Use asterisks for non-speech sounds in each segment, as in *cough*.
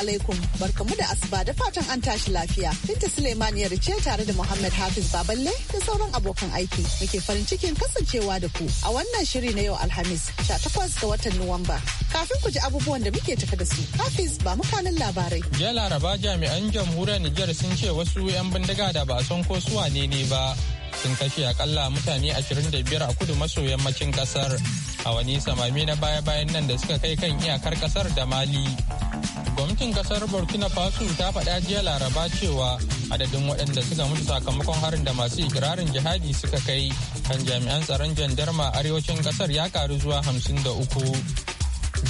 alaikum barkamu da asuba da fatan an tashi lafiya. Binta Suleimaniyar ce tare da Muhammad Hafiz Baballe da sauran abokan aiki muke farin cikin kasancewa da ku a wannan shiri na yau Alhamis 18 ga watan Nuwamba. Kafin ku ji abubuwan da muke tafi da su, Hafiz ba mukanin labarai. Jiya Laraba jami'an jamhuriyar Nijar sun ce wasu 'yan bindiga da ba san ko su wane ne ba sun kashe akalla mutane 25 a kudu maso yammacin kasar a wani samami na baya-bayan nan da suka kai kan iyakar kasar da mali Gwamnatin kasar Burkina Faso ta faɗa jiya Laraba cewa adadin waɗanda suka mutu sakamakon harin da masu ikirarin jihadi suka kai kan jami'an tsaron jandarma arewacin kasar ya karu zuwa hamsin da uku.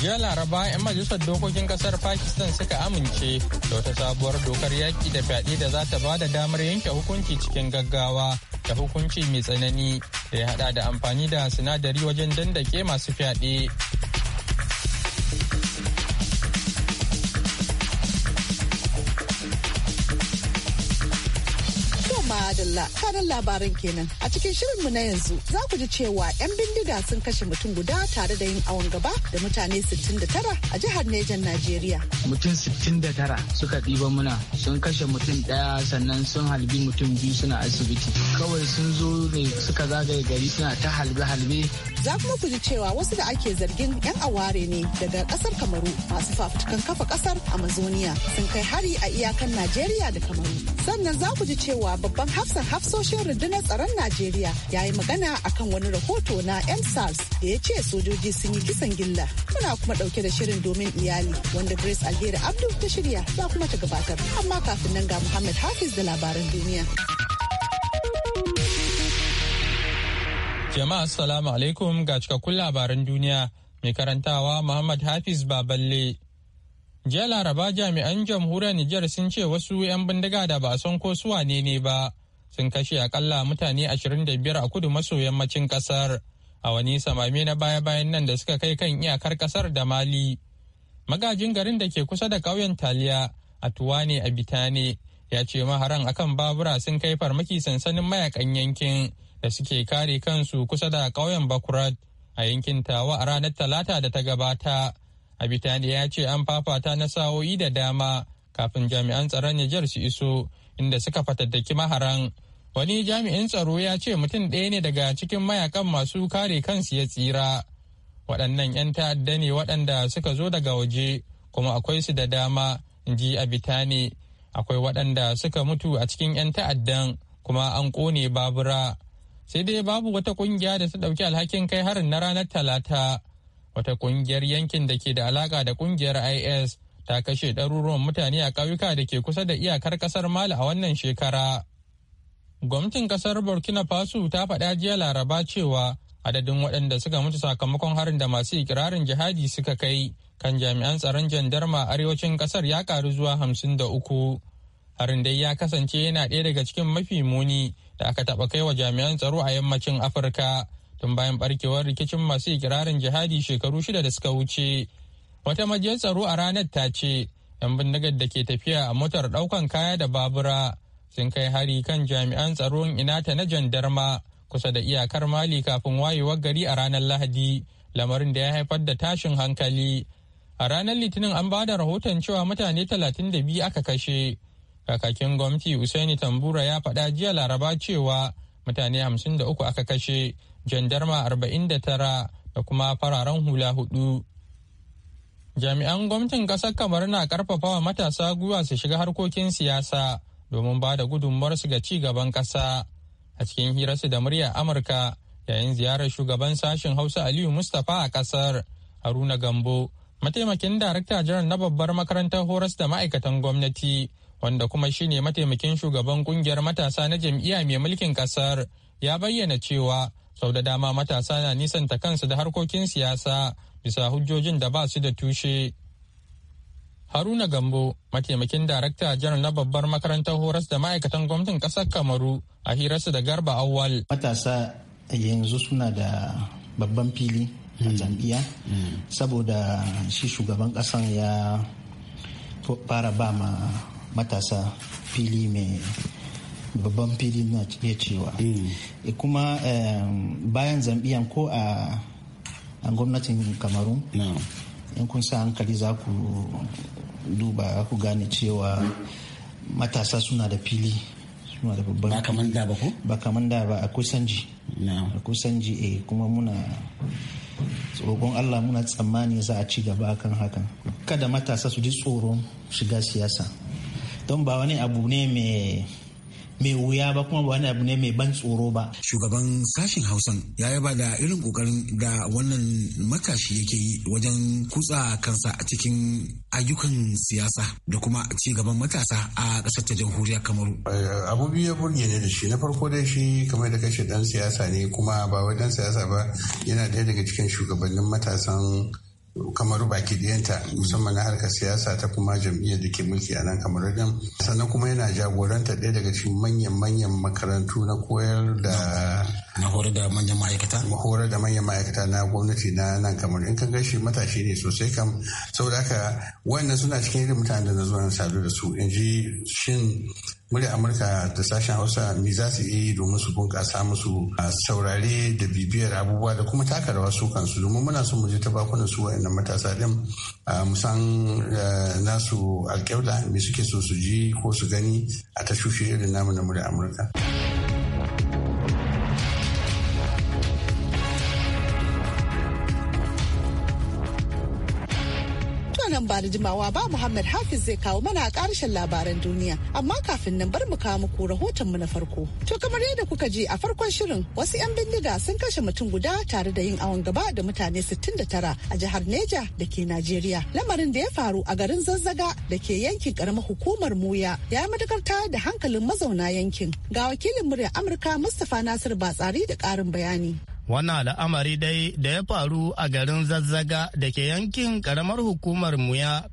jiya laraba 'yan majalisar dokokin kasar pakistan suka amince da wata sabuwar dokar yaƙi da fyaɗe da za ta ba da damar yanke hukunci cikin gaggawa da hukunci mai tsanani da ya haɗa da amfani da sinadari wajen dandake masu fyaɗe madalla kanan labaran kenan a cikin shirin mu na yanzu za ku ji cewa 'yan bindiga sun kashe mutum guda tare da yin awon gaba da mutane 69 a jihar Nejan Najeriya. Mutum 69 suka ɗiba muna sun kashe mutum ɗaya sannan sun halbi mutum biyu suna asibiti. Kawai sun zo ne suka zagaye gari suna ta halbe-halbe. Za kuma ku ji cewa wasu da ake zargin 'yan aware ne daga ƙasar Kamaru masu fafutukan kafa ƙasar Amazonia sun kai hari a iyakan Najeriya da Kamaru. Sannan za ku ji cewa babban hafsan hafsoshin rundunar tsaron Najeriya ya yi magana akan wani rahoto na MSARS da ya ce sojoji sun yi kisan gilla. Muna kuma dauke da shirin domin iyali wanda Grace Alheri Abdul ta shirya za kuma ta gabatar. Amma kafin nan ga Muhammad Hafiz da labaran duniya. Jama'a assalamu alaikum ga cikakkun labaran duniya mai karantawa Muhammad Hafiz Baballe. Jiya Laraba jami'an jamhuriyar Nijar sun ce wasu 'yan bindiga da ba a san ko su wane ne ba sun kashe akalla mutane 25 a kudu maso yammacin kasar a wani samame na baya-bayan nan da suka kai kan iyakar kasar da mali magajin garin da ke kusa da ƙauyen taliya a ne a bitane ya ce maharan akan babura sun kai farmaki sansanin mayakan yankin da suke kare kansu kusa da ƙauyen bakurat a yankin tawa a ranar talata da ta gabata a bitane ya ce an fafata na sa'o'i da dama kafin jami'an tsaron Nijar su iso inda suka fatattaki maharan. Wani jami'in tsaro ya ce mutum ɗaya ne daga cikin mayakan masu kare kansu ya tsira. Waɗannan 'yan ta'adda ne waɗanda suka zo daga waje kuma akwai su da dama in ji Abitane. Akwai waɗanda suka mutu a cikin 'yan ta'addan kuma an ƙone babura. Sai dai babu wata ƙungiya da ta ɗauki alhakin kai harin na ranar Talata. Wata ƙungiyar yankin da ke da alaƙa da ƙungiyar IS ta kashe ɗaruruwan mutane a ƙauyuka da ke kusa da iyakar ƙasar Mali a wannan shekara. Gwamnatin ƙasar Burkina Faso ta faɗa jiya Laraba cewa adadin waɗanda suka mutu sakamakon harin da masu ikirarin jihadi suka kai kan jami'an tsaron jandarma arewacin ƙasar ya ƙaru zuwa hamsin da uku. Harin dai ya kasance yana ɗaya daga cikin mafi muni da aka taɓa kai wa jami'an tsaro a yammacin Afirka tun bayan ɓarkewar rikicin masu ikirarin jihadi shekaru shida da suka wuce. wata majiyar tsaro a ranar ta ce 'yan bindigar da ke tafiya a motar ɗaukan kaya da babura sun kai hari kan jami'an tsaron ina ta na jandarma kusa da iyakar mali kafin wayewar gari a ranar lahadi lamarin da ya haifar da tashin hankali a ranar litinin an ba da rahoton cewa mutane talatin da biyu aka kashe kakakin gwamnati usaini tambura ya faɗa jiya laraba cewa mutane hamsin da uku aka kashe jandarma arba'in da tara da kuma fararen hula hudu Jami'an gwamnatin ƙasar kamar na wa matasa gwiwa su shiga harkokin siyasa domin ba da su ga ci gaban ƙasa. A cikin hirarsu da murya Amurka yayin ziyarar shugaban sashen Hausa Aliyu Mustapha a ƙasar Haruna Gambo, mataimakin darakta jiran na babbar makarantar horas da ma'aikatan gwamnati, wanda kuma shine mataimakin shugaban kungiyar matasa na jam'iyya mai mulkin ƙasar, ya bayyana cewa sau da dama matasa na nisanta kansu da harkokin siyasa bisa hujjojin da ba su da tushe. Haruna Gambo, mataimakin darakta janar na babbar makarantar horas da ma'aikatan gwamnatin ƙasar Kamaru a hirarsa da Garba Awal. Matasa yanzu suna da babban fili a hmm. zambia hmm. saboda shi shugaban ƙasan ya fara ba ma matasa fili mai babban fili na cewa. Hmm. E kuma bayan zambiyan ko a a gwamnatin kamarun in kun sa hankali za ku duba ku gane cewa matasa suna da fili suna da babban ba kamar da ba ko ba kamar da ba akwai sanji akwai sanji eh kuma muna tsoron Allah muna tsammani za a ci gaba kan hakan kada matasa su ji tsoron shiga siyasa don ba wani abu ne mai mai wuya ba kuma ba wani abu ne mai ban tsoro ba. Shugaban sashen Hausan ya yaba da irin kokarin da wannan matashi yake yi wajen kutsa kansa a cikin ayyukan siyasa da kuma ci gaban matasa a ƙasar ta jamhuriyar Kamaru. Eh, abu biyu ya burge ne da shi na farko dai shi kamar da kashe dan siyasa ne kuma ba wai dan siyasa ba yana ɗaya daga cikin shugabannin matasan kamaru baki diyanta musamman na harkar siyasa ta kuma jam'iyyar da ke mulki a nan kamar din sannan kuma yana jagoranta ɗaya daga cikin manyan manyan makarantu na koyar da na horar da manyan ma'aikata horar da manyan ma'aikata na gwamnati na nan kamar in kan gashi matashi ne sosai kam saboda haka wannan suna cikin irin mutanen da na zo na sadu da su in ji shin murya amurka da sashen hausa me za su yi domin su bunƙasa musu saurare da bibiyar abubuwa da kuma taka rawa su kansu domin muna son mu je ta bakunan su wa'annan matasa din musan nasu alƙawla me suke so su ji ko su gani a tashoshin irin namu na murya amurka. ba da jimawa ba Muhammad Hafiz zai kawo mana a karshen labaran duniya. Amma kafin nan bar mu kawo muku rahotonmu na farko. To kamar yadda kuka ji a farkon shirin wasu 'yan bindiga sun kashe mutum guda tare da yin awon gaba da mutane 69 a jihar Neja da ke Najeriya. Lamarin da ya faru a garin Zazzaga da ke yankin karamar hukumar Muya ya matukar tayar da hankalin mazauna yankin. Ga wakilin muryar Amurka Mustapha Nasir Batsari da ƙarin bayani. Wannan al'amari dai da ya faru a garin zazzaga da ke yankin ƙaramar hukumar muya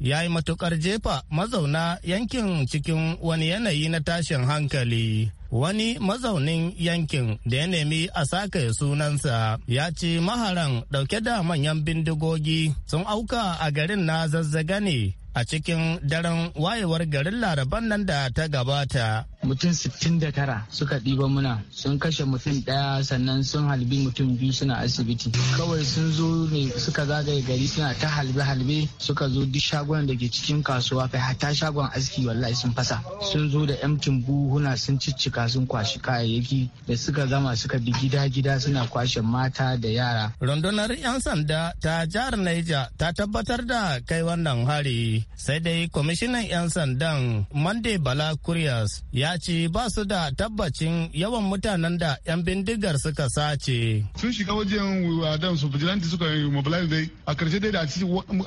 ya yi matukar jefa mazauna yankin cikin wani yanayi na tashin hankali. Wani mazaunin yankin da ya nemi a saka sunansa ya ce maharan ɗauke da manyan bindigogi sun auka a garin na zazzaga ne a cikin daren wayewar garin laraban nan da ta gabata mutum 69 suka ɗiba muna sun kashe mutum ɗaya sannan sun halbi mutum biyu suna asibiti kawai sun zo ne suka zagaye gari suna ta halbe-halbe suka zo duk shagon da ke cikin kasuwa kai hata shagon aski wallahi sun fasa sun zo da yamtin buhuna sun ciccika sun kwashi kayayyaki da suka zama suka bi gida-gida suna kwashe mata da yara rundunar 'yan sanda ta jihar Niger ta tabbatar da kai wannan hari sai dai kwamishinan 'yan sandan monday bala kuriyas ya ya ce ba su da tabbacin yawan mutanen da 'yan bindigar suka sace. Sun shiga wajen wadan uh, su vigilante suka yi mobilize dai a karshe dai da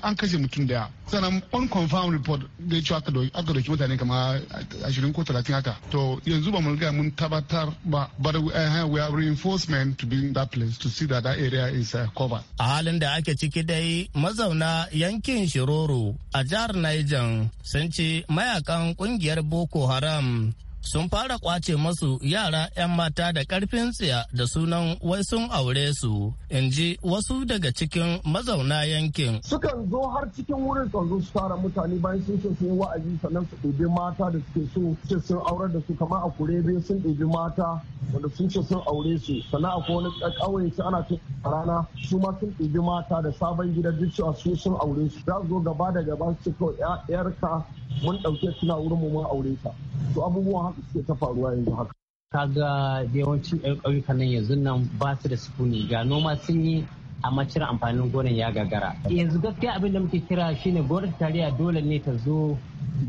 an kashe mutum daya. Sannan confirm report da cewa aka doki mutane kama uh, ashirin ko talatin haka. To yanzu ba mu riga mun tabbatar ba but we uh, have reinforcement to be in that place to see that that area is covered. A halin da ake ciki dai mazauna yankin Shiroro a jihar Niger sun ce mayakan kungiyar Boko Haram sun fara kwace masu yara 'yan mata da karfin tsiya da sunan wai sun aure su in ji wasu daga cikin mazauna yankin. Sukan zo har cikin wurin zo su fara mutane bayan sun ce sun wa'azi sannan su ɗebi mata da suke so ce sun aurar da su kamar a kurebe sun ɗebi mata wanda sun ce sun aure su sannan a wani ƙauye su ana cin rana su ma sun ɗebi mata da sabon gida duk cewa su sun aure su za su zo gaba da gaba su ce kawai 'yarka mun ɗauke suna wurin mu mun aure ta. To abubuwan ta faruwa yanzu haka kaga da yawancin yan ƙauyuka nan yanzu nan ba su da sukuni ga noma sun yi amma cire amfanin gonan ya gagara yanzu gaskiya abin da muke kira shine gwamnati tarayya dole ne ta zo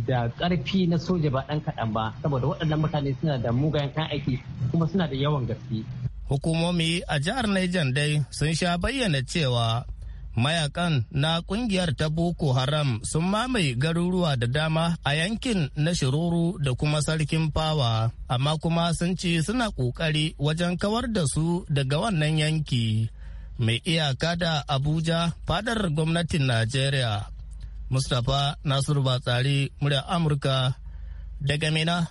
da ƙarfi na soja ba ɗan kaɗan ba saboda waɗannan mutane suna da mugayen kan aiki kuma suna da yawan gaske hukumomi a jihar Niger dai sun sha bayyana cewa mayakan na kungiyar ta boko haram sun mamaye garuruwa da dama a yankin na shiruru da kuma sarkin fawa amma kuma sun ce suna ƙoƙari wajen kawar da su daga wannan yanki mai iyaka da abuja fadar gwamnatin najeriya mustapha nasiru batsari murya amurka daga mina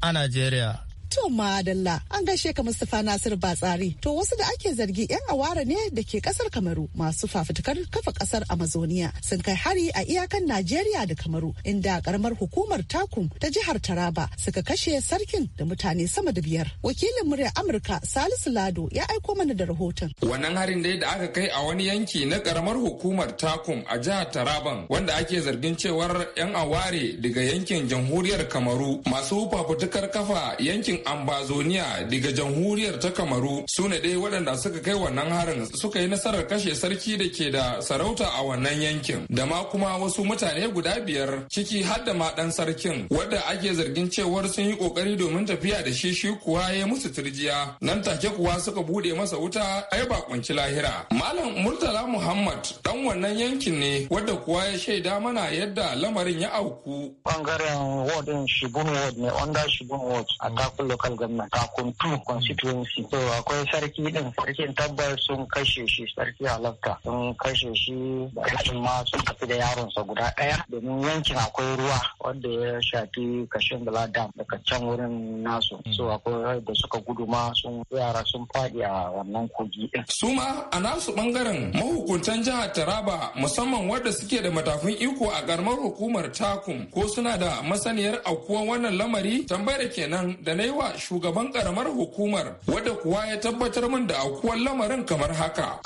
a najeriya To madalla an gaishe ka Mustapha Nasir Batsari. To wasu da ake zargi 'yan awara ne da ke kasar Kamaru masu fafutukar kafa kasar Amazonia sun kai hari a iyakan Najeriya da Kamaru inda karamar hukumar Takum ta jihar Taraba suka kashe sarkin da mutane sama da biyar. Wakilin muryar Amurka Salisu Lado ya aiko mana da rahoton. Wannan harin dai da aka kai a wani yanki na karamar hukumar Takum a jihar Taraban wanda ake zargin cewar 'yan aware daga yankin jamhuriyar Kamaru masu fafutukar kafa yankin ambazonia daga jamhuriyar ta kamaru su ne dai waɗanda suka kai wannan harin suka yi nasarar kashe sarki da ke da sarauta a wannan yankin da ma kuma wasu mutane guda biyar ciki har da maɗan sarkin wadda ake zargin cewar sun yi kokari domin tafiya da shi shi kuwa ya musu turjiya nan take kuwa suka buɗe masa wuta ai ba kunci lahira malam murtala muhammad dan wannan yankin ne wadda kuwa ya shaida mana yadda lamarin ya auku bangaren wadin din wad ne under shibun wad a takul local government kuntu constituency so akwai sarki din sarkin tabbar sun kashe shi sarki alafta sun kashe shi da kashin ma sun tafi da yaronsa guda ɗaya domin yankin akwai ruwa wanda ya shafi kashin bala daga can wurin nasu so akwai da suka gudu ma sun yara sun faɗi a wannan kogi din. su ma a nasu bangaren mahukuntan jihar taraba musamman wadda suke da matafin iko a karamar hukumar takum ko suna da masaniyar aukuwan wannan lamari tambayar kenan da na yi wa shugaban karamar hukumar wadda kuwa ya tabbatar min da aukuwar lamarin kamar haka.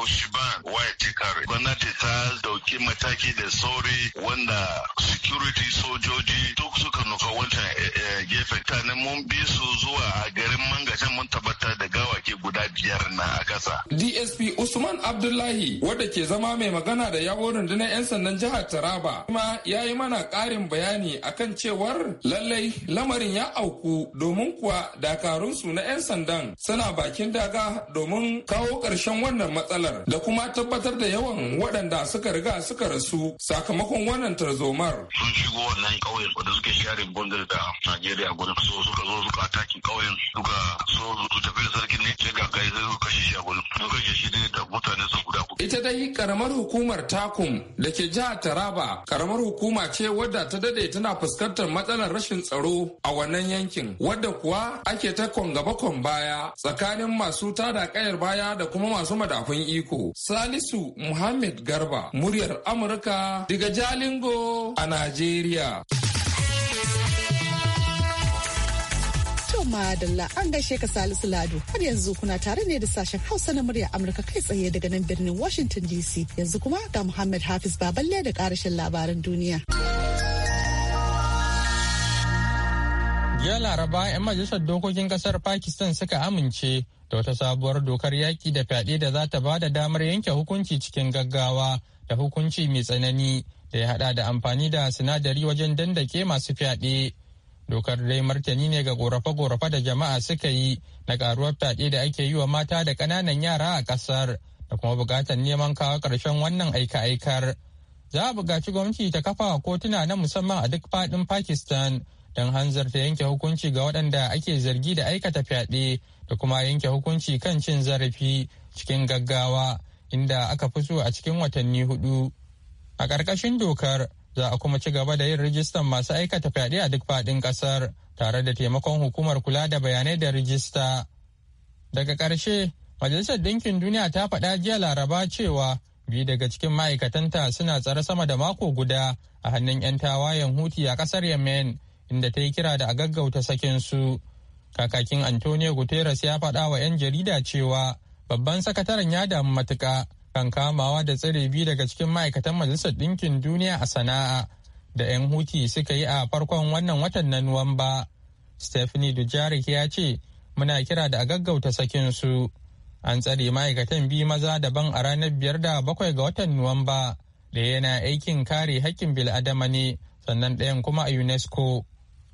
tsaro shi ba gwamnati ta dauki mataki da sauri wanda security sojoji duk suka nufa wancan eh, eh, gefe ne mun bi su zuwa a garin mangashin mun tabbatar da gawaki guda biyar na a kasa dsp usman abdullahi wadda ke zama mai magana da yawon rundunar 'yan sandan jihar taraba kuma ya yi mana ƙarin bayani akan cewar lallai lamarin ya auku domin kuwa dakarunsu na 'yan sandan suna bakin daga domin kawo ƙarshen wannan matsalar girgizar da kuma tabbatar da yawan waɗanda suka riga suka rasu sakamakon wannan tarzomar. Sun shigo wannan ƙauyen wadda suke share bondar da Najeriya gudun so suka zo suka ataki ƙauyen suka so su tafi da sarkin ne sai ga kai sai suka kashe shi a gudun sun kashe shi ne da mutane sun guda kuɗi. Ita dai karamar hukumar Takum da ke jihar Taraba karamar hukuma ce wadda ta dade tana fuskantar matsalar rashin tsaro a wannan yankin wadda kuwa ake ta kwan gaba kwan baya tsakanin masu tada kayar baya da kuma masu madafun iko. Salisu Muhammad Garba, muryar Amurka daga Jalingo a Najeriya. Madalla an gaishe ka Salisu Lado har yanzu kuna tare ne da sashen Hausa na murya Amurka kai tsaye daga nan birnin Washington DC yanzu kuma ga Muhammad Hafiz Baballe da karashin labaran duniya. Jiya Laraba 'yan majalisar dokokin kasar Pakistan suka amince da wata sabuwar dokar yaƙi da fyaɗe da za ta ba da damar yanke hukunci cikin gaggawa da hukunci mai tsanani da ya haɗa da amfani da sinadari wajen dandake masu fyaɗe. Dokar dai martani ne ga gorafe-gorafe da jama'a suka yi na ƙaruwar fyaɗe da ake yi wa mata da ƙananan yara a ƙasar da kuma buƙatar neman kawo ƙarshen wannan aika-aikar. Za a buƙaci gwamnati ta kafa kotuna na musamman a duk faɗin Pakistan don hanzarta yanke hukunci ga waɗanda ake zargi da aikata fyaɗe da kuma yanke hukunci kan cin zarafi cikin gaggawa inda aka fi so a cikin watanni hudu. A ƙarƙashin dokar za a kuma ci gaba da yin rijistan masu aikata fyaɗe a duk faɗin ƙasar tare da taimakon hukumar kula da bayanai da rijista. Daga ƙarshe, Majalisar Ɗinkin Duniya ta faɗa jiya Laraba cewa biyu daga cikin ma'aikatanta suna tsare sama da mako guda a hannun 'yan tawayen huti a ƙasar Yemen inda ta yi kira da a gaggauta sakin su kakakin antonio guterres ya faɗa wa 'yan jarida cewa babban sakataren ya damu matuka kan kamawa da tsire biyu daga cikin ma'aikatan majalisar ɗinkin duniya a sana'a da 'yan huti suka yi a farkon wannan watan na nuwamba stephanie dujarik ya ce muna kira da a gaggauta sakin su an tsare ma'aikatan biyu maza daban a ranar biyar da bakwai ga watan nuwamba da yana aikin kare haƙƙin bil'adama ne sannan ɗayan kuma a unesco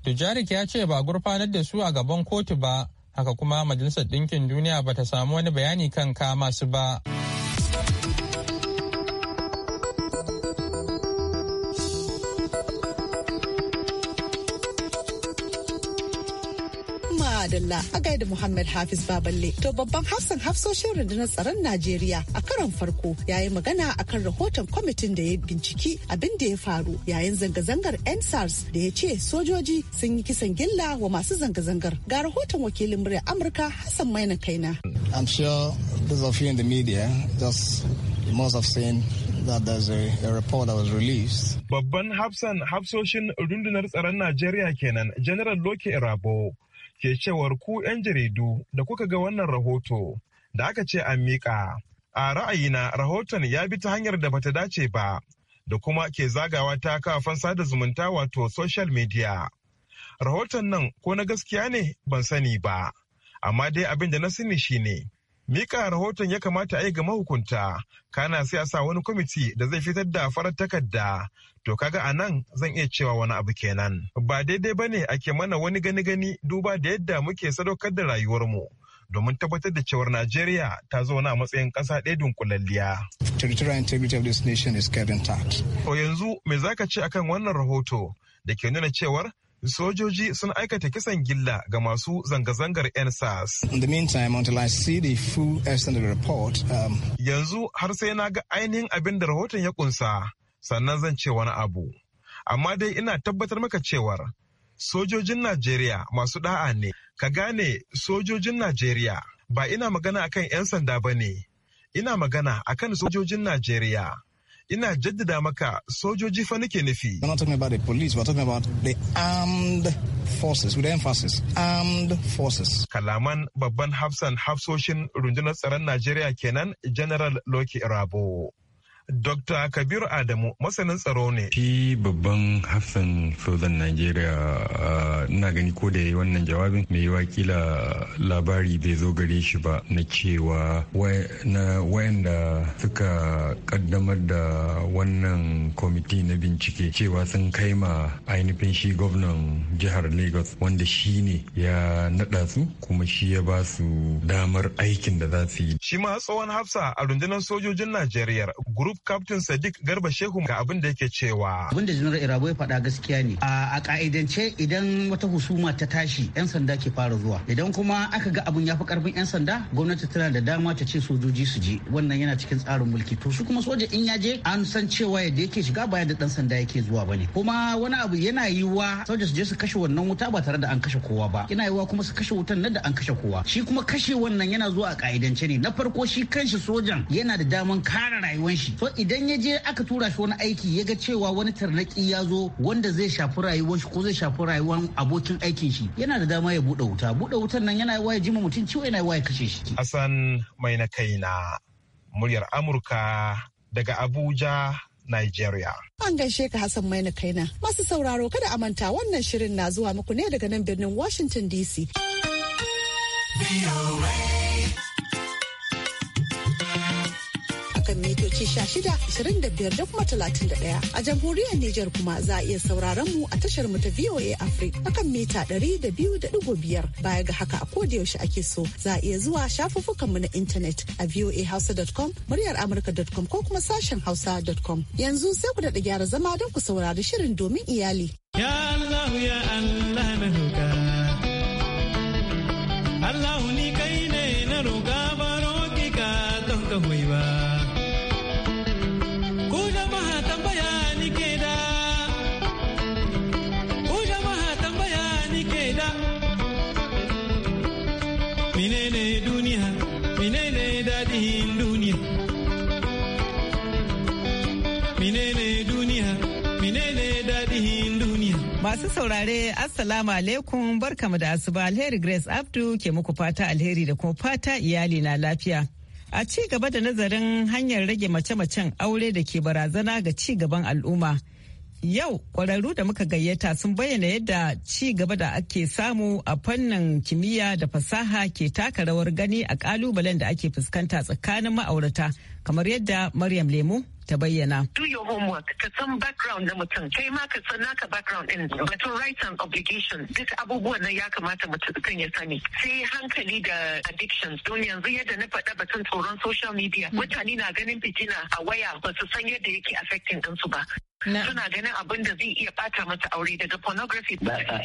tujarik ya ce ba gurfanar da su a gaban kotu ba, haka kuma Majalisar Ɗinkin Duniya ba ta samu wani bayani kan kama su ba. Adalla a gaida Muhammad Hafiz Baballe. To babban hafsan hafsoshin rundunar tsaron Najeriya a karon farko ya yi magana kan rahoton kwamitin da ya binciki abin da ya faru yayin zanga-zangar NSARS da ya ce sojoji sun yi kisan gilla wa masu zanga-zangar. Ga rahoton wakilin murya Amurka Hassan Maina Kaina. I'm sure those of you in the media just must have seen Babban hafsan hafsoshin rundunar tsaron Najeriya kenan, General Loke Irabo. ke cewar ku 'yan jaridu da kuka ga wannan rahoto da aka ce an miƙa. A ra'ayina rahoton ya bi ta hanyar da bata dace ba da kuma ke zagawa ta kafan sada zumunta wato social media. Rahoton nan ko na gaskiya ne ban sani ba, amma dai abin da na sani shine mika rahoton ya kamata a yi ga mahukunta kana sai a sa wani kwamiti da zai fitar da farar takarda to kaga a nan zan iya cewa wani abu kenan ba daidai ba ne ake mana wani gani gani duba da yadda muke sadaukar da rayuwarmu domin tabbatar da cewar Najeriya ta zauna a matsayin ƙasa ɗaya dunkulalliya. Territorial integrity of this nation is kept intact. yanzu me zaka ce akan wannan rahoto da ke nuna cewar sojoji sun aikata kisan gilla ga masu zanga-zangar 'yan sas. Um, Yanzu har sai na ga ainihin abin da rahoton ya kunsa sannan zan ce wani abu. Amma dai ina tabbatar maka cewar sojojin Najeriya masu da'a ne. Ka gane sojojin Najeriya ba ina magana akan 'yan sanda ba ne. Ina magana akan sojojin Najeriya. ina jaddada maka sojoji fa nake nufi. We're not talking about the police, we're talking about the armed forces with emphasis, armed forces. Kalaman babban hafsan hafsoshin rundunar tsaron Najeriya kenan General Loki Rabo. Dr. Kabir Adamu masanin tsaro ne. Shi babban hafsan sojan Najeriya ah, na gani ko da yi wannan jawabin mai yiwa kila labari bai zo gare shi ba na cewa na wayanda suka kaddamar da wannan kwamiti na bincike cewa sun kai ma ainihin shi gwamnan jihar Lagos wanda shi ne ya naɗa su kuma shi ya ba su damar aikin da za su yi. Shi tsohon hafsa a rundunar sojojin Najeriya grup Chief Captain Sadiq Garba Shehu ga abin da yake cewa. Abin da General Irabo ya faɗa gaskiya ne. A ka'idance idan wata husuma ta tashi 'yan sanda ke fara zuwa. Idan kuma aka ga abin ya fi karfin 'yan sanda gwamnati tana da dama ta ce sojoji su je. Wannan yana cikin tsarin mulki. To su kuma soja in ya je an san cewa yadda yake shiga ba da dan sanda yake zuwa ba ne. Kuma wani abu yana yiwuwa soja su je su kashe wannan wuta ba tare da an kashe kowa ba. Yana yiwuwa kuma su kashe wutan nan da an kashe kowa. Shi kuma kashe wannan yana zuwa a ka'idance ne. Na farko shi kanshi sojan yana da daman kare rayuwar shi. so idan ya je aka tura shi wani aiki ya ga cewa wani tarnaki ya zo wanda zai shafi rayuwar shi ko zai shafi rayuwar abokin aikin shi yana da dama ya buɗe wuta buɗe wutan nan yana waye jima mutum ciwo yana waye kashe shi Hassan mai na kaina muryar Amurka daga Abuja Nigeria. An gaishe ka Hassan Mainakaina, Kaina. Masu sauraro kada a manta wannan shirin na zuwa muku ne daga nan birnin Washington DC. ce 1625 da kuma 31 a jamhuriyar Nijar kuma za a iya sauraron mu a tashar mu ta VOA Africa akan mita 200.5 baya ga haka a koda yaushe ake so za a iya zuwa shafuffukan mu na intanet a voahausa.com muryar amurka.com ko kuma sashen hausa.com yanzu sai ku daɗa gyara zama don ku saurari shirin domin iyali. Ya Allah ya Allah na Allah Minene duniya menene daɗin duniya duniya daɗin duniya masu saurare assalamu alaikum barkamu da asuba alheri grace abdu ke muku fata alheri da kuma fata iyali na lafiya a ci gaba da nazarin hanyar rage mace-macen aure da ke barazana ga ci gaban al'umma Yau ƙwararru da muka gayyata sun bayyana yadda ci gaba da ake samu a fannin kimiyya da fasaha ke taka rawar gani a ƙalubalen da ake fuskanta tsakanin ma'aurata kamar yadda Maryam Lemu ta bayyana. Do your homework, ka san background na mutum, kai ma ka san naka background din batun rights and obligations duk abubuwan nan ya kamata mutum ya sani. Sai hankali da addictions don yanzu yadda na faɗa batun tsoron social media mutane na ganin fitina a waya ba su san yadda yake affecting ɗinsu ba. suna ganin abin da zai iya bata mata aure daga pornography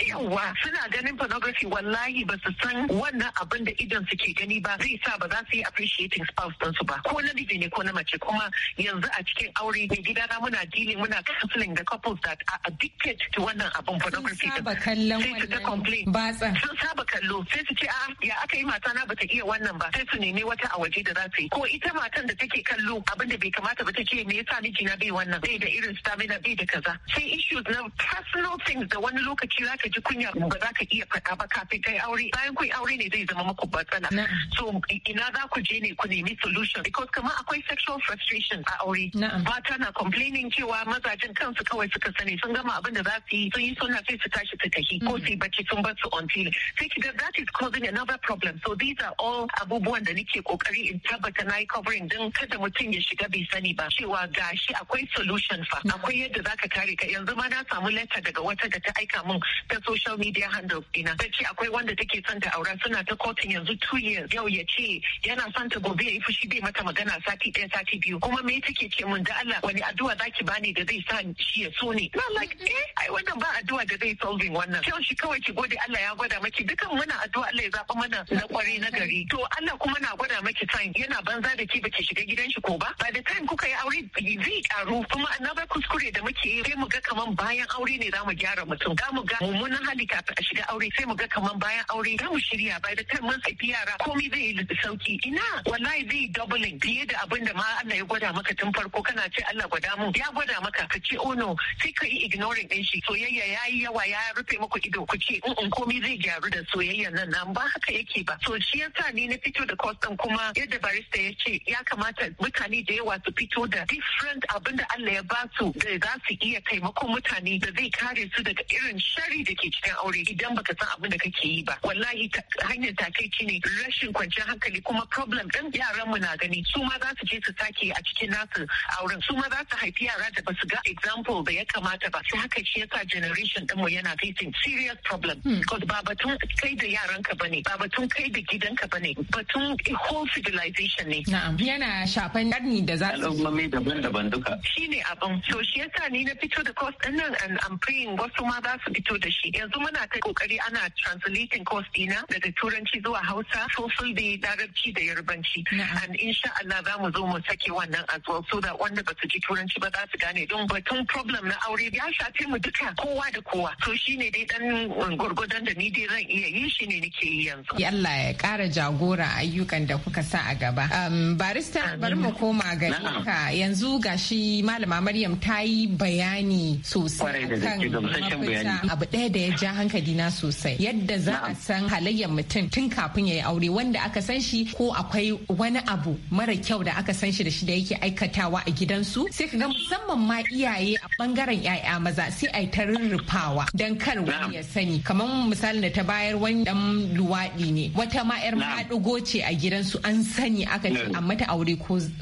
yawa suna ganin pornography wallahi ba su san wannan abin da idan suke gani ba zai sa ba za su yi appreciating spouse din su ba ko na miji ne ko na mace kuma yanzu a cikin aure mai gida na muna dealing muna counseling da couples that are addicted to wannan abin pornography sun saba kallon wannan batsa sun saba kallo sai su ce a ya aka yi mata na bata iya wannan ba sai su nemi wata a waje da za su yi ko ita matan da take kallo abin da bai kamata ba take me yasa miji na bai wannan bai da irin stamina bai da da kaza sai issues na personal things da wani lokaci zaka ji kunya ba za ka iya faɗa ba kafin kai aure bayan kun aure ne zai zama muku batsala so ina za ku je ne ku nemi solution because kamar akwai sexual frustration a aure mata na complaining cewa mazajen kansu kawai suka sani sun gama abin da za su yi sun yi suna sai su tashi su tafi ko mm. su yi bacci sun bar su on sai ki ga that is causing another problem so these are all abubuwan da nake kokari in tabbata na yi covering din kada mutum ya shiga bai sani ba cewa gashi akwai solution fa akwai akwai yadda zaka kare ka yanzu ma na samu letta daga wata da ta aika mun ta social media handles dina ta ce akwai wanda take son ta aura suna ta kotun yanzu two years yau ya ce yana son ta gobe ya yi fushi bai mata magana sati ɗaya sati biyu kuma me take ce mun da Allah wani addu'a zaki bani da zai sa shi ya so ni na like eh? eh ai wannan ba addu'a da zai solving wannan kyau shi kawai ki gode Allah ya gwada maki dukan muna addu'a Allah ya zaba mana na kwari na gari to Allah kuma na gwada maki time yana banza da ki baki shiga gidan shi ko ba by the time kuka yi aure zai karu kuma another kuskure aure da muke yi sai mu ga kaman bayan aure ne zamu gyara mutum za mu ga mummunan hali kafin a shiga aure sai mu ga kaman bayan aure za mu shirya bai da kan mun haifi yara komai zai yi sauki ina wallahi zai doubling fiye da abin da ma Allah ya gwada maka tun farko kana ce Allah gwada mu ya gwada maka ka ce ono oh no sai ka yi ignoring din shi soyayya yayi yawa ya rufe muku ido ku ce in komai zai gyaru da soyayya nan nan ba haka yake ba to shi yasa ni na fito da kwastam kuma yadda barista ya ce ya kamata mutane da yawa su fito da different abin da Allah ya ba su da da za su iya taimakon mutane da zai kare su daga irin shari da ke cikin aure idan baka san abin da kake yi ba wallahi hanyar takaici ne rashin kwanciyar hankali kuma problem din yaran mu na gani su ma za su je su sake a cikin nasu auren su ma za su haifi yara da basu ga example da ya kamata ba sai haka shi yasa generation din mu yana facing serious problem hmm. because ba batun kai da ka bane ba batun kai da gidanka bane batun whole civilization ne na'am yana shafan yarni da za su daban-daban duka shine abin so shi yasa ni na fito da course din nan and I'm praying wasu ma za su fito da shi yanzu muna ta kokari ana translating course dina daga turanci zuwa Hausa fulfil da larabci da yarbanci and insha Allah za mu zo mu sake wannan as well so that wanda ba su ji turanci ba za su gane don batun problem na aure ya shafi mu duka kowa da kowa to shine dai dan gurgudan da ni dai zan iya yi shi ne nake yi yanzu Allah ya kara jagora ayyukan da kuka sa a gaba um, barista bari mu koma gare ka yanzu gashi malama Maryam ta yi yi bayani sosai kan abu ɗaya da ya ja hankali na sosai yadda za a san halayyar mutum tun kafin ya yi aure wanda aka san shi ko akwai wani abu mara kyau da aka san shi da shi da yake aikatawa a gidansu sai ka ga musamman ma iyaye a bangaren yaya maza sai a yi ta rurrufawa don kar wani ya sani kamar misali da ta bayar wani dan luwaɗi ne wata ma yar maɗigo ce a gidansu an sani aka ce a mata aure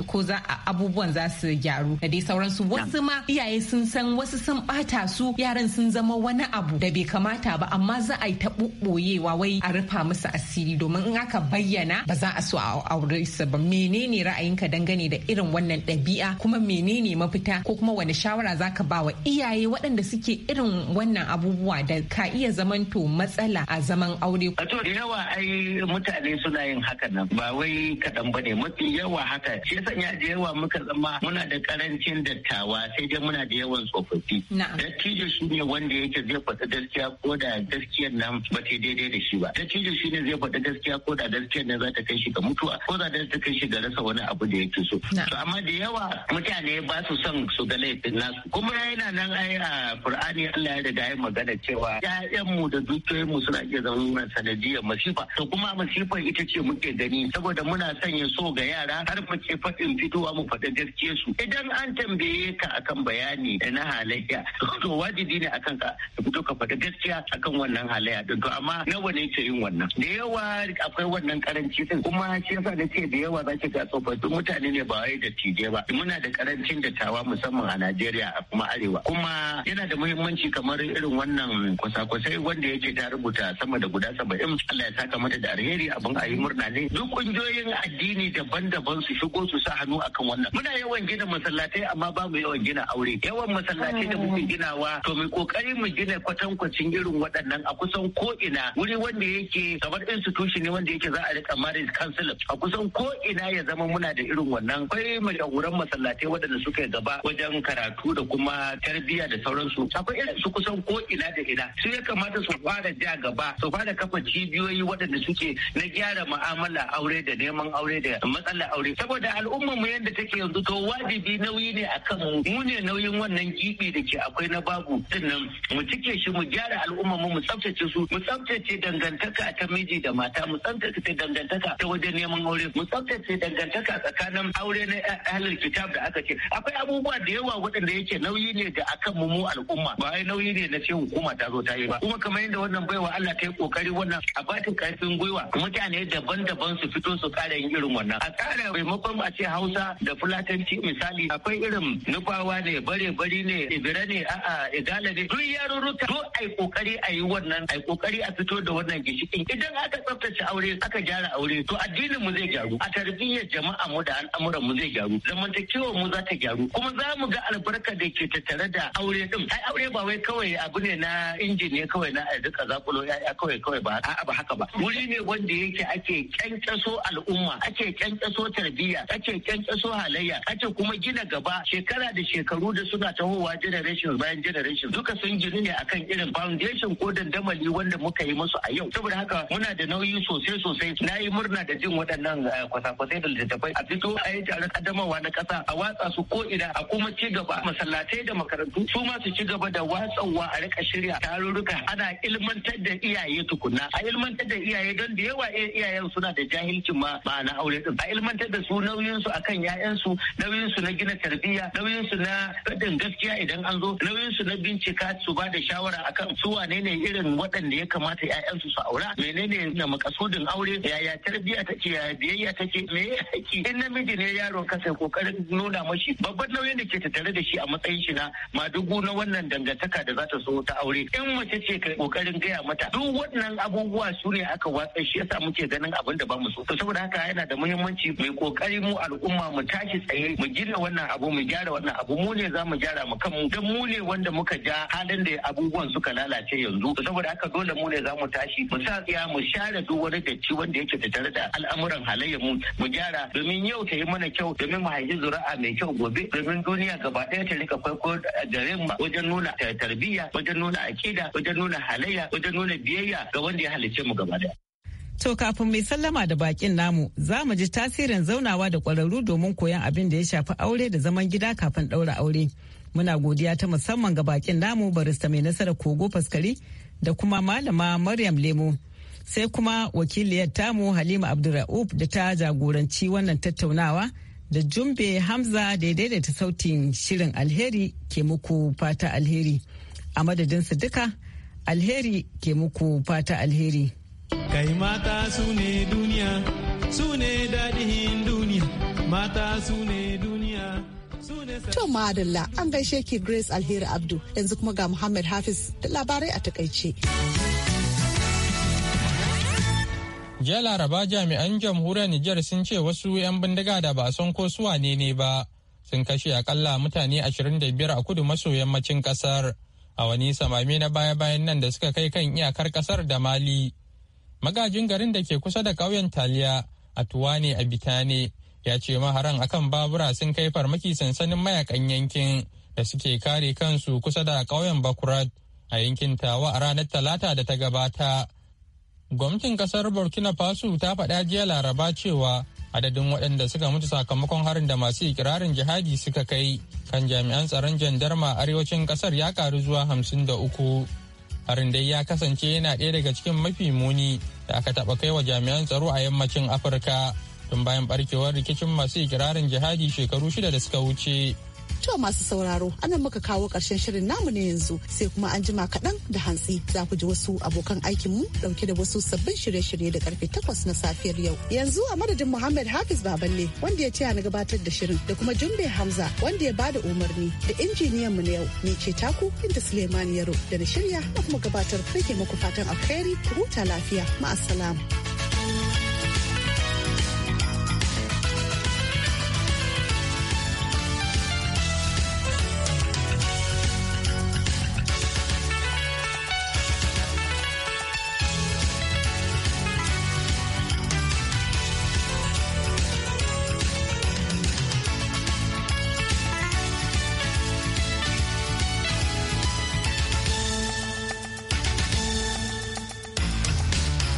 ko za abubuwan za su gyaru da dai sauransu wasu ma iyaye sun san wasu sun bata su yaran sun zama wani abu da bai kamata ba amma za a yi ta ɓoyewa wai a rufa musu asiri domin in aka bayyana ba za a so a aure su ba menene ra'ayinka dangane da irin wannan ɗabi'a kuma menene mafita ko kuma wani shawara za ka ba wa iyaye waɗanda suke irin wannan abubuwa da ka iya zamanto matsala a zaman aure. A to da yawa ai mutane suna yin haka nan ba wai kaɗan ba ne mafi yawa haka shi yasa ya da yawa muka zama muna da karancin dattawa sai dai muna da yawan tsofaffi dattijo shi ne wanda yake zai faɗi gaskiya ko da gaskiyar nan ba ta daidai da shi ba dattijo shi ne zai faɗi gaskiya ko da gaskiyar nan za ta kai shi ga mutuwa ko za ta kai shi ga rasa wani abu da yake so to amma da yawa mutane ba su son su ga laifin nasu kuma yana nan ai a furani Allah ya riga ya magana cewa mu da dukiyoyinmu suna iya zama sanadiyar masifa to kuma masifar ita ce muke gani saboda muna sanya so ga yara har mu ce faɗin fitowa mu faɗa gaskiyar su idan an tambaye ka akan bayan bayani na halayya *laughs* to wajibi ne akan ka fito ka faɗi gaskiya akan wannan halayya din to amma na ne ce yin wannan da yawa akwai wannan karanci din kuma shi yasa da ce da yawa zaki ga tsofaffin mutane ne ba wai da tije ba muna da karancin dattawa musamman a Najeriya a kuma arewa kuma yana da muhimmanci kamar irin wannan kwasa-kwasai wanda yake ta rubuta sama da guda saba'in Allah ya saka mata da alheri abin a yi murna ne duk kungiyoyin addini daban-daban su shigo su sa hannu akan wannan muna yawan gina masallatai amma babu yawan gina aure aure yawan masallaci da muke ah. ginawa to mu kokari mu gina kwatankwacin irin waɗannan a kusan ko ina wuri wanda yake kamar institution ne wanda yake za a rika marriage council a kusan ko ina ya zama muna da irin wannan akwai majagoran masallatai waɗanda suka gaba wajen karatu da kuma tarbiyya da sauransu akwai irin su kusan ko ina da ina su ya kamata su fara ja gaba su fara kafa cibiyoyi waɗanda suke na gyara mu'amala aure da neman aure da matsalar aure saboda al'ummar mu yadda take yanzu to wajibi nauyi ne akan mu mu ne nauyin wannan gibi da ke akwai na babu nan mu cike shi mu gyara al'umma mu mu tsaftace su mu tsaftace dangantaka ta miji da mata mu tsaftace dangantaka ta wajen neman aure mu tsaftace dangantaka tsakanin aure na ahlul kitab da aka ce akwai abubuwa da yawa waɗanda yake nauyi ne da akan mu mu al'umma ba ai nauyi ne na ce hukuma ta zo ta yi ba kuma kamar yadda wannan baiwa Allah ta yi kokari wannan a batin karfin gwiwa mutane daban-daban su fito su kare yin irin wannan a tsara maimakon a ce Hausa da Fulatanci misali akwai irin nufawa ne bare bari ne ibira ne a'a igala ne duk ruta duk ai kokari a yi wannan ai kokari a fito da wannan gishikin idan aka tsaftace aure aka gyara aure to addinin mu zai gyaru a tarbiyyar jama'a mu da al'amuran mu zai gyaru zamantakewar mu za ta gyaru kuma za mu ga albarka da ke tattare da aure din ai aure ba wai kawai abu ne na injin ne kawai na duka zakulo ya'ya kawai kawai ba a'a ba haka ba wuri ne wanda yake ake kyankyaso al'umma ake kyankyaso tarbiyya ake kyankyaso halayya ake kuma gina gaba shekara da shekaru da suna tahowa generation bayan generation duka sun gini ne akan irin foundation ko dandamali wanda muka yi musu a yau saboda haka muna da nauyi sosai sosai na yi murna da jin waɗannan eh, kwasa-kwasai da littattafai a fito a yi taron adamawa na ƙasa a watsa su ko ina a kuma ci gaba masallatai da makarantu su ma su ci gaba da watsawa a rika shirya tarurruka ana ilmantar da iyaye tukunna a ilmantar da iyaye don da yawa eh, iyayen suna da jahilcin ma ba na aure din a ilmantar da su nauyinsu su akan 'ya'yansu. nauyinsu na gina tarbiyya nauyinsu na Fadin gaskiya idan an zo nauyin su na bincika su ba da shawara akan su wane ne irin waɗanda ya kamata ƴaƴan su su aura menene na makasudin aure yaya tarbiyya take yaya biyayya take me ya haƙi in namiji ne yaron ka sai kokarin nuna mashi babban nauyin da ke tattare da shi a matsayin shi na madugu na wannan dangantaka da za ta so ta aure in mace ce ka kokarin gaya mata duk waɗannan abubuwa su ne aka watsa shi yasa muke ganin abin da ba mu so saboda haka yana da muhimmanci mai kokari mu al'umma mu tashi tsaye mu gina wannan abu mu gyara wannan abu mu ne za mu gyara mu kanmu don mu ne wanda muka ja halin da abubuwan suka lalace yanzu saboda haka dole mu ne za mu tashi mu sa tsaya mu share duk wani datti wanda yake tattare da al'amuran halayyar mu mu gyara domin yau ta yi mana kyau domin mu haifi zuri'a mai kyau gobe domin duniya gaba ɗaya ta rika kwaikwayo gare mu wajen nuna tarbiyya wajen nuna aƙida wajen nuna halayya wajen nuna biyayya ga wanda ya halicce mu gaba ɗaya. To kafin mai sallama da bakin namu za mu ji tasirin zaunawa da kwararru domin koyan abin da ya shafi aure da zaman gida kafin ɗaura aure. Muna godiya ta musamman ga bakin namu barista mai nasara kogo faskari da kuma malama Maryam Lemo. Sai kuma wakiliyar tamu Halima Abdulra'uf da ta jagoranci wannan tattaunawa da Jumbe Hamza da ta sautin shirin alheri ke muku fata alheri. A madadinsu duka alheri ke muku fata alheri. Kai mata su ne duniya, su ne daɗin duniya, mata su ne duniya. To madalla an gaishe ki Grace Alheri Abdu yanzu kuma ga Muhammad Hafiz da labarai a takaice. Jiya Laraba jami'an jamhuriyar Nijar sun ce wasu 'yan bindiga da ba a san ko suwa ne ne ba sun kashe akalla mutane 25 a kudu maso yammacin kasar a wani samami na baya-bayan nan da suka kai kan iyakar kasar da Mali. magajin garin da ke kusa da ƙauyen taliya a tuwane a bitane ya ce maharan akan babura sun kai farmaki sansanin mayakan yankin da suke kare kansu kusa da ƙauyen bakurat a yankin tawa a ranar talata da ta gabata gwamnatin kasar burkina faso ta faɗa jiya laraba cewa adadin waɗanda suka mutu sakamakon harin da masu ikirarin jihadi suka kai kan jami'an tsaron jandarma arewacin kasar ya karu zuwa hamsin da uku harin dai ya kasance yana ɗaya daga cikin mafi muni da aka taɓa kai wa jami'an tsaro a yammacin afirka tun bayan barkewar rikicin masu ikirarin jihadi shekaru shida da suka wuce To masu sauraro, ana muka kawo ƙarshen shirin namu ne yanzu sai kuma an jima kaɗan da hantsi za ku ji wasu abokan aikinmu ɗauke da wasu sabbin shirye-shirye da karfe takwas na safiyar yau. Yanzu a madadin Muhammad Hafiz Baballe wanda ya ce na gabatar da shirin da kuma Jumbe Hamza wanda ya bada umarni da injiniyan mu na yau ni ce taku inda Suleiman Yaro da na shirya na kuma gabatar nake muku fatan alkhairi huta lafiya ma'assalam.